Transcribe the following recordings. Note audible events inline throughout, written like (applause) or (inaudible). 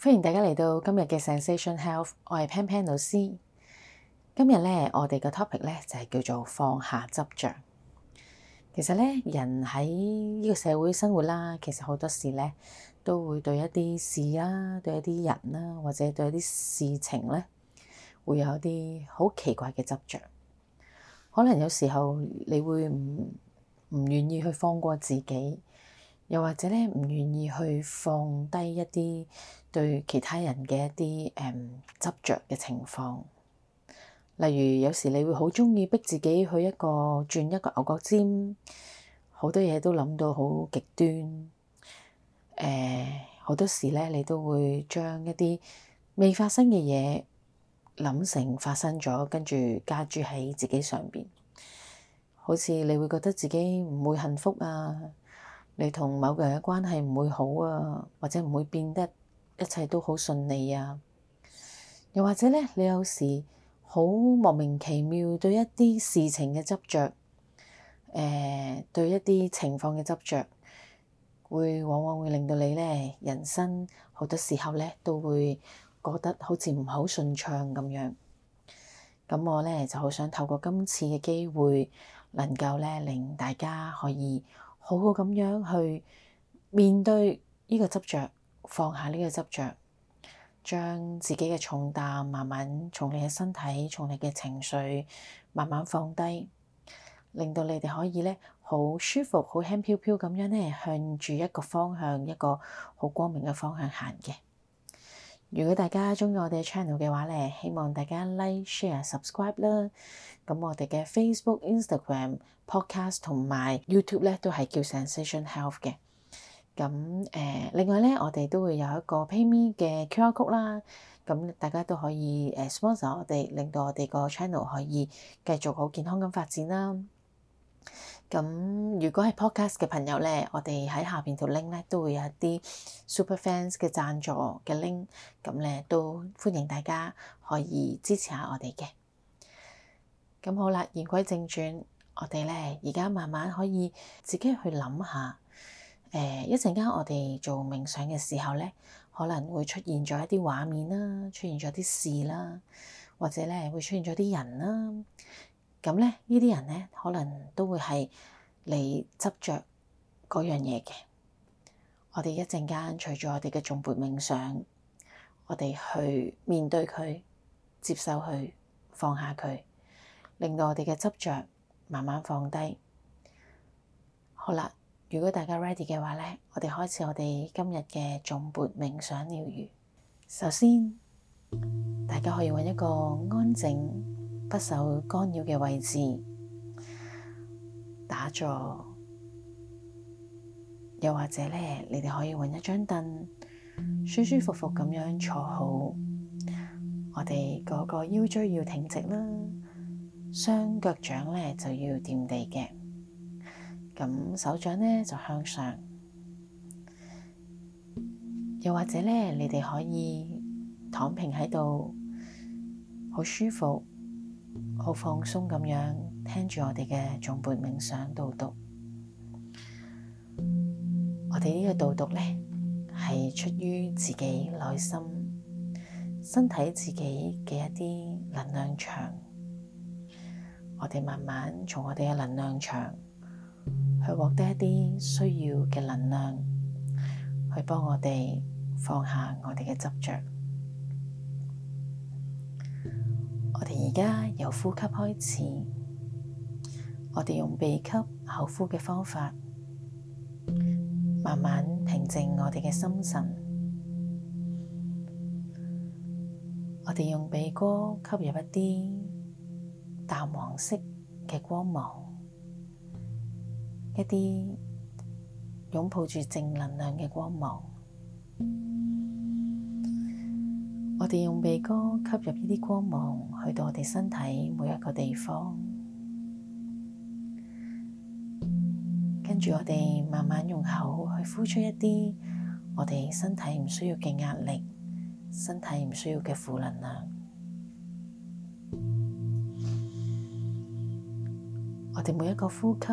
歡迎大家嚟到今日嘅 Sensation Health，我係 Pan Pan 老師。今日咧，我哋嘅 topic 咧就係叫做放下執着。其實咧，人喺呢個社會生活啦，其實好多時咧都會對一啲事啊，對一啲人啦、啊，或者對一啲事情咧，會有一啲好奇怪嘅執着。可能有時候你會唔唔願意去放過自己，又或者咧唔願意去放低一啲。對其他人嘅一啲誒執著嘅情況，例如有時你會好鍾意逼自己去一個轉一個牛角尖，好多嘢都諗到好極端。誒，好多時咧，你都會將一啲未發生嘅嘢諗成發生咗，跟住加諸喺自己上邊。好似你會覺得自己唔會幸福啊，你同某個人嘅關係唔會好啊，或者唔會變得，一切都好順利啊！又或者咧，你有時好莫名其妙對一啲事情嘅執着，誒、呃、對一啲情況嘅執着，會往往會令到你咧人生好多時候咧都會覺得好似唔係好順暢咁樣。咁我咧就好想透過今次嘅機會，能夠咧令大家可以好好咁樣去面對呢個執着。放下呢個執着，將自己嘅重擔慢慢從你嘅身體、從你嘅情緒慢慢放低，令到你哋可以咧好舒服、好輕飄飄咁樣咧向住一個方向、一個好光明嘅方向行嘅。如果大家鍾意我哋嘅 channel 嘅話咧，希望大家 like、share、subscribe 啦。咁我哋嘅 Facebook、Instagram、Podcast 同埋 YouTube 咧都係叫 Zensation Health 嘅。咁誒，另外咧，我哋都會有一個 PayMe 嘅 QR code 啦，咁大家都可以誒 sponsor 我哋，令到我哋個 channel 可以繼續好健康咁發展啦。咁如果係 Podcast 嘅朋友咧，我哋喺下邊條 link 咧都會有一啲 Super Fans 嘅贊助嘅 link，咁咧都歡迎大家可以支持下我哋嘅。咁好啦，言歸正傳，我哋咧而家慢慢可以自己去諗下。誒一陣間，我哋做冥想嘅時候咧，可能會出現咗一啲畫面啦，出現咗啲事啦，或者咧會出現咗啲人啦。咁咧，呢啲人咧可能都會係你執着嗰樣嘢嘅。我哋一陣間，除咗我哋嘅頌缽冥想，我哋去面對佢，接受佢，放下佢，令到我哋嘅執着慢慢放低。好啦。如果大家 ready 嘅話咧，我哋開始我哋今日嘅頌缽冥想療癒。首先，大家可以揾一個安靜、不受干擾嘅位置打坐，又或者咧，你哋可以揾一張凳，舒舒服服咁樣坐好。我哋嗰個腰椎要挺直啦，雙腳掌咧就要掂地嘅。咁手掌呢，就向上，又或者呢，你哋可以躺平喺度，好舒服、好放鬆。咁樣聽住我哋嘅頌缽冥想導讀：我哋呢個導讀呢，係出於自己內心、身體自己嘅一啲能量場。我哋慢慢從我哋嘅能量場。去獲得一啲需要嘅能量，去幫我哋放下我哋嘅執着。我哋而家由呼吸開始，我哋用鼻吸口呼嘅方法，慢慢平靜我哋嘅心神。我哋用鼻哥吸入一啲淡黃色嘅光芒。一啲擁抱住正能量嘅光芒， (noise) 我哋用鼻哥吸入呢啲光芒，去到我哋身體每一個地方， (noise) 跟住我哋慢慢用口去呼出一啲我哋身體唔需要嘅壓力，身體唔需要嘅負能量， (noise) (noise) 我哋每一個呼吸，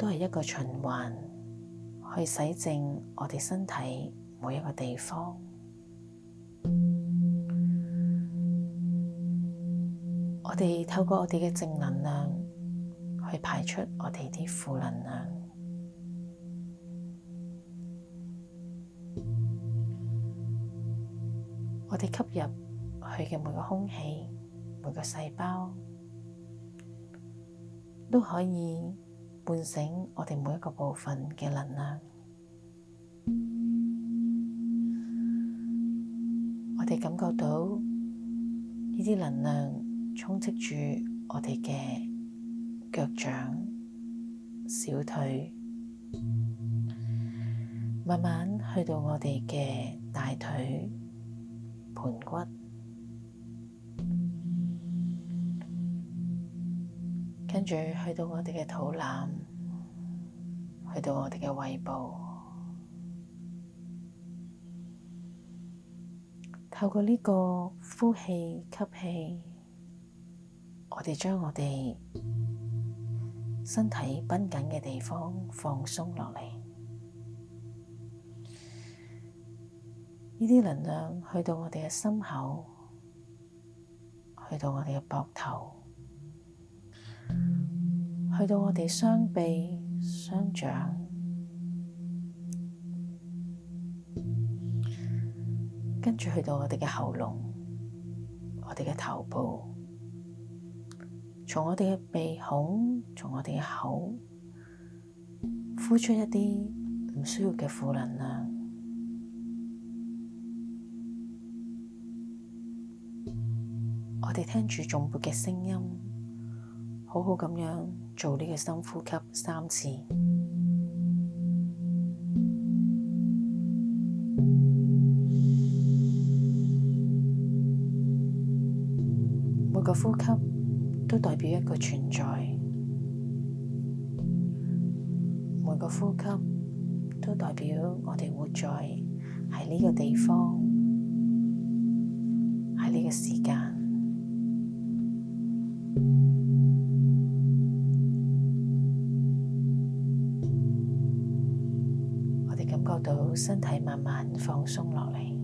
都係一個循環，去洗淨我哋身體每一個地方。我哋透過我哋嘅正能量去排出我哋啲負能量。我哋吸入佢嘅每個空氣、每個細胞都可以。喚醒我哋每一個部分嘅能量，我哋感覺到呢啲能量充斥住我哋嘅腳掌、小腿，慢慢去到我哋嘅大腿、盤骨。跟住去到我哋嘅肚腩，去到我哋嘅胃部，透過呢個呼氣、吸氣，我哋將我哋身體繃緊嘅地方放鬆落嚟。呢啲能量去到我哋嘅心口，去到我哋嘅膊頭。去到我哋雙臂、雙掌，跟住去到我哋嘅喉嚨、我哋嘅頭部，從我哋嘅鼻孔、從我哋嘅口，呼出一啲唔需要嘅負能量。我哋聽住頌缽嘅聲音。好好咁樣做呢個深呼吸三次，每個呼吸都代表一個存在，每個呼吸都代表我哋活在喺呢個地方，喺呢個時間。到身體慢慢放鬆落嚟。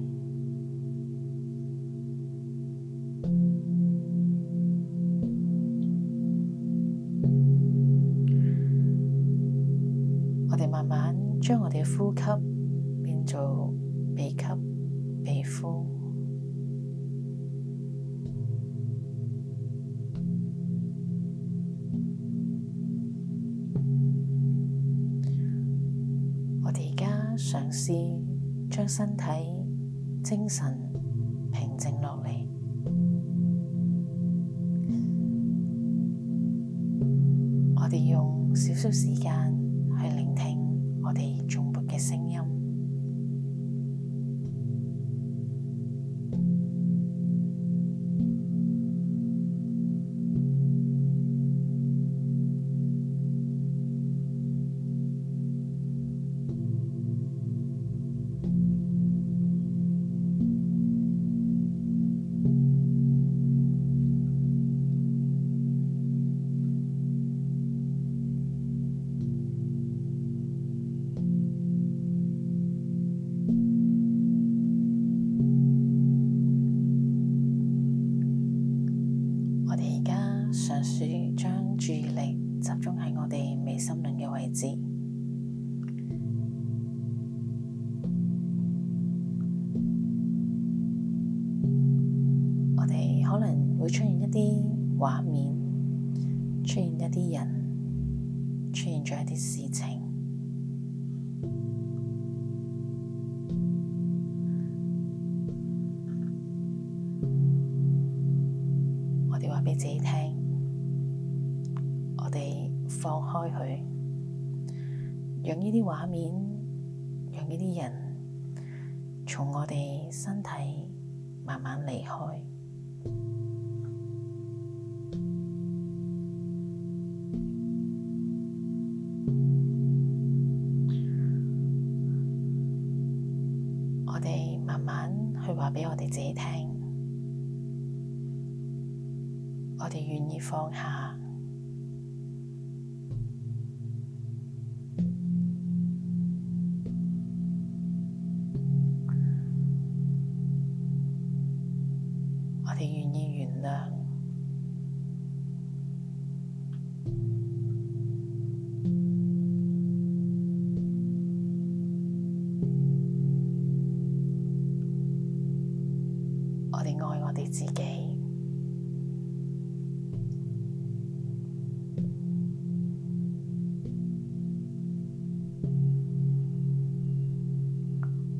嘗試將身體、精神平靜落嚟。我哋用少少時間去聆聽我哋頌缽嘅聲音。出現咗一啲事情，我哋話畀自己聽，我哋放開佢，讓呢啲畫面，讓呢啲人從我哋身體慢慢離開。我哋慢慢去話畀我哋自己聽，我哋願意放下。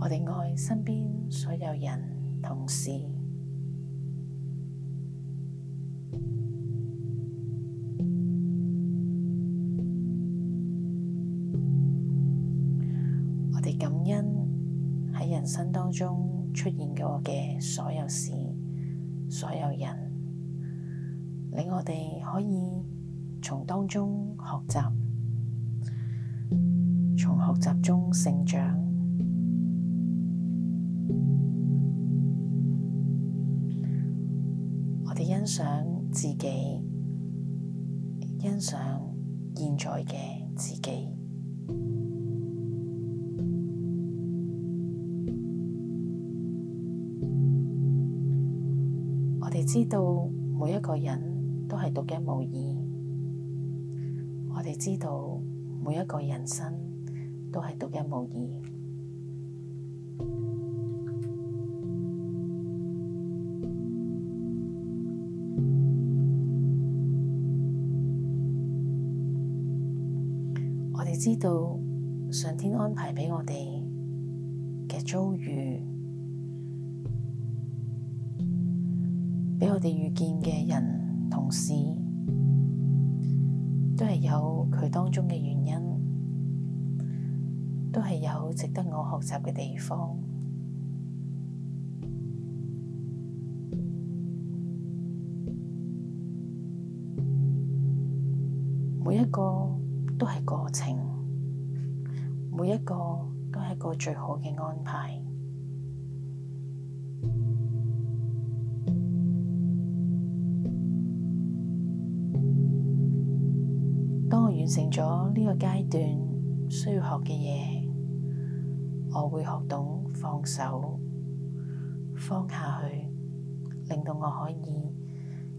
我哋愛身邊所有人同事，我哋感恩喺人生當中出現過嘅所有事、所有人，令我哋可以從當中學習，從學習中成長。欣賞自己，欣賞現在嘅自己。我哋知道每一個人都係獨一無二。我哋知道每一個人生都係獨一無二。知道上天安排俾我哋嘅遭遇，俾我哋遇見嘅人同事，都係有佢當中嘅原因，都係有值得我學習嘅地方，每一個都係過程。每一個都係一個最好嘅安排。當我完成咗呢個階段需要學嘅嘢，我會學懂放手，放下去，令到我可以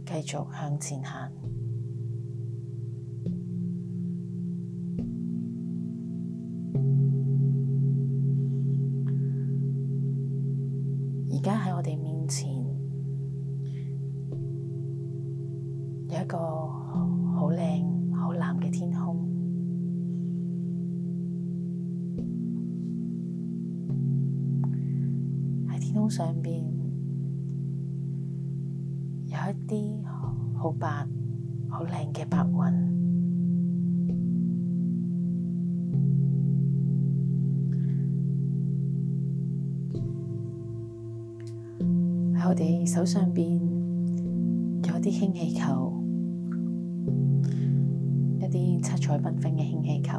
繼續向前行。有一個好靚、好藍嘅天空，喺天空上面有一啲好白、好靚嘅白雲。喺我哋手上邊有啲氫氣球。彩繽紛嘅氫氣球，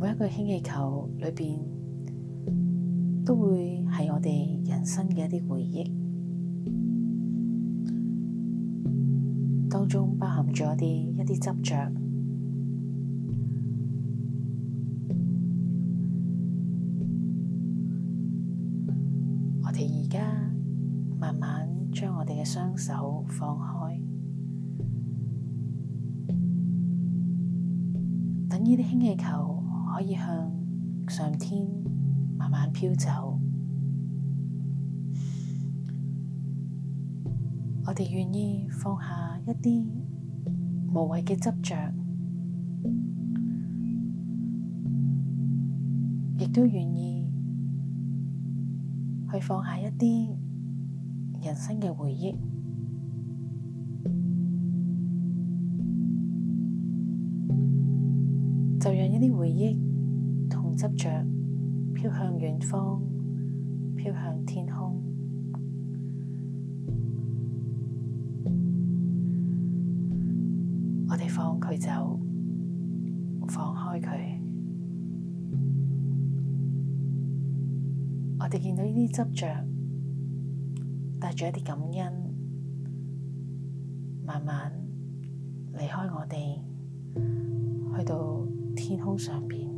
每一個氫氣球裏邊都會係我哋人生嘅一啲回憶當中包，包含咗一啲一啲執着。氣球可以向上天慢慢飄走，我哋願意放下一啲無謂嘅執着，亦都願意去放下一啲人生嘅回憶。啲回憶同執着飄向遠方，飄向天空。我哋放佢走，放開佢。我哋見到呢啲執着，帶住一啲感恩，慢慢離開我哋，去到。天空上邊，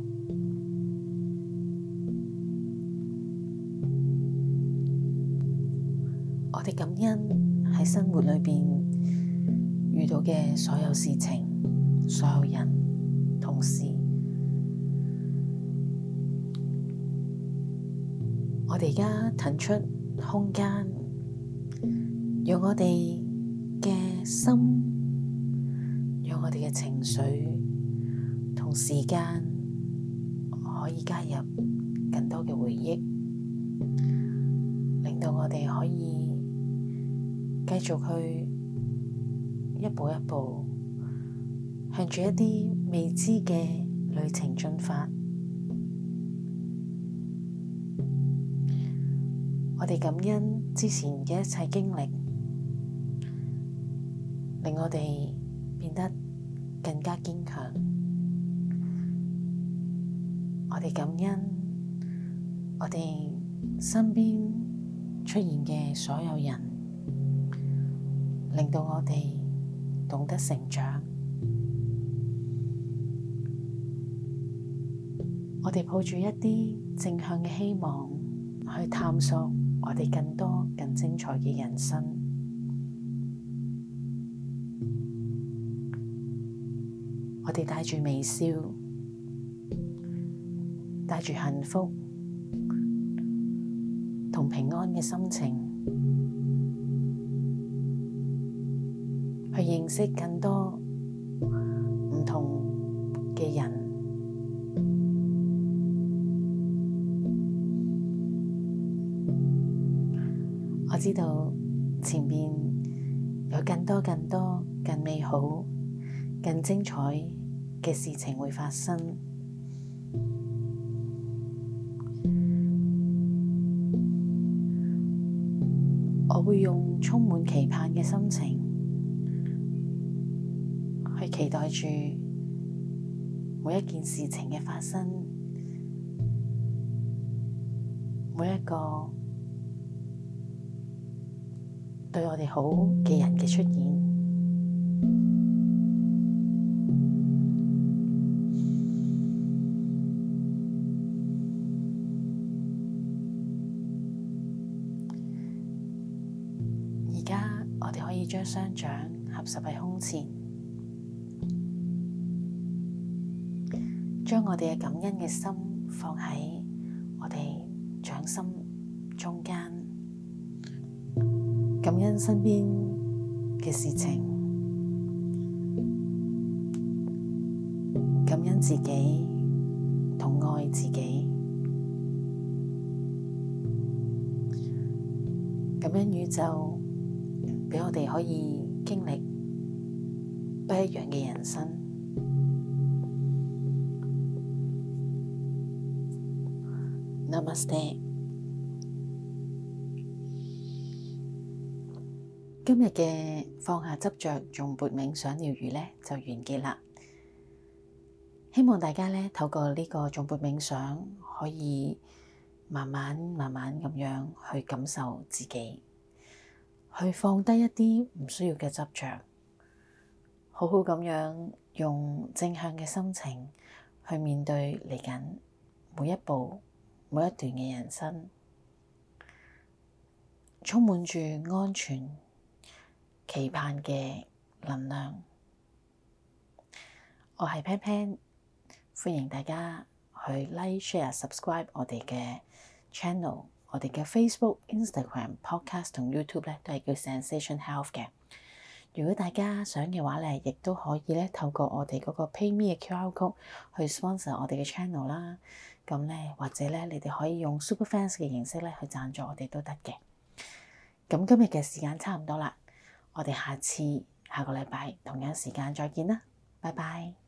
我哋感恩喺生活裏邊遇到嘅所有事情、所有人，同時，我哋而家騰出空間，讓我哋嘅心，讓我哋嘅情緒。時間可以加入更多嘅回憶，令到我哋可以繼續去一步一步向住一啲未知嘅旅程進發。我哋感恩之前嘅一切經歷，令我哋變得更加堅強。我哋感恩，我哋身邊出現嘅所有人，令到我哋懂得成長。我哋抱住一啲正向嘅希望，去探索我哋更多更精彩嘅人生。我哋帶住微笑。帶住幸福同平安嘅心情，去認識更多唔同嘅人。我知道前面有更多、更多、更美好、更精彩嘅事情會發生。會用充滿期盼嘅心情，去期待住每一件事情嘅發生，每一個對我哋好嘅人嘅出現。將雙掌合十喺胸前，將我哋嘅感恩嘅心放喺我哋掌心中間，感恩身邊嘅事情，感恩自己同愛自己，感恩宇宙。俾我哋可以經歷不一樣嘅人生。Namaste。今日嘅放下執着、頌缽冥想療愈咧就完結啦。希望大家咧透過呢個頌缽冥想，可以慢慢慢慢咁樣去感受自己。去放低一啲唔需要嘅執着，好好咁樣用正向嘅心情去面對嚟緊每一步、每一段嘅人生，充滿住安全、期盼嘅能量。我係 Pan Pan，歡迎大家去 Like、Share、Subscribe 我哋嘅 Channel。我哋嘅 Facebook、Instagram、Podcast 同 YouTube 咧都係叫 Zensation Health 嘅。如果大家想嘅話咧，亦都可以咧透過我哋嗰個 Pay Me 嘅 QR Code 去 sponsor 我哋嘅 channel 啦呢。咁咧或者咧，你哋可以用 Super Fans 嘅形式咧去贊助我哋都得嘅。咁今日嘅時間差唔多啦，我哋下次下個禮拜同樣時間再見啦，拜拜。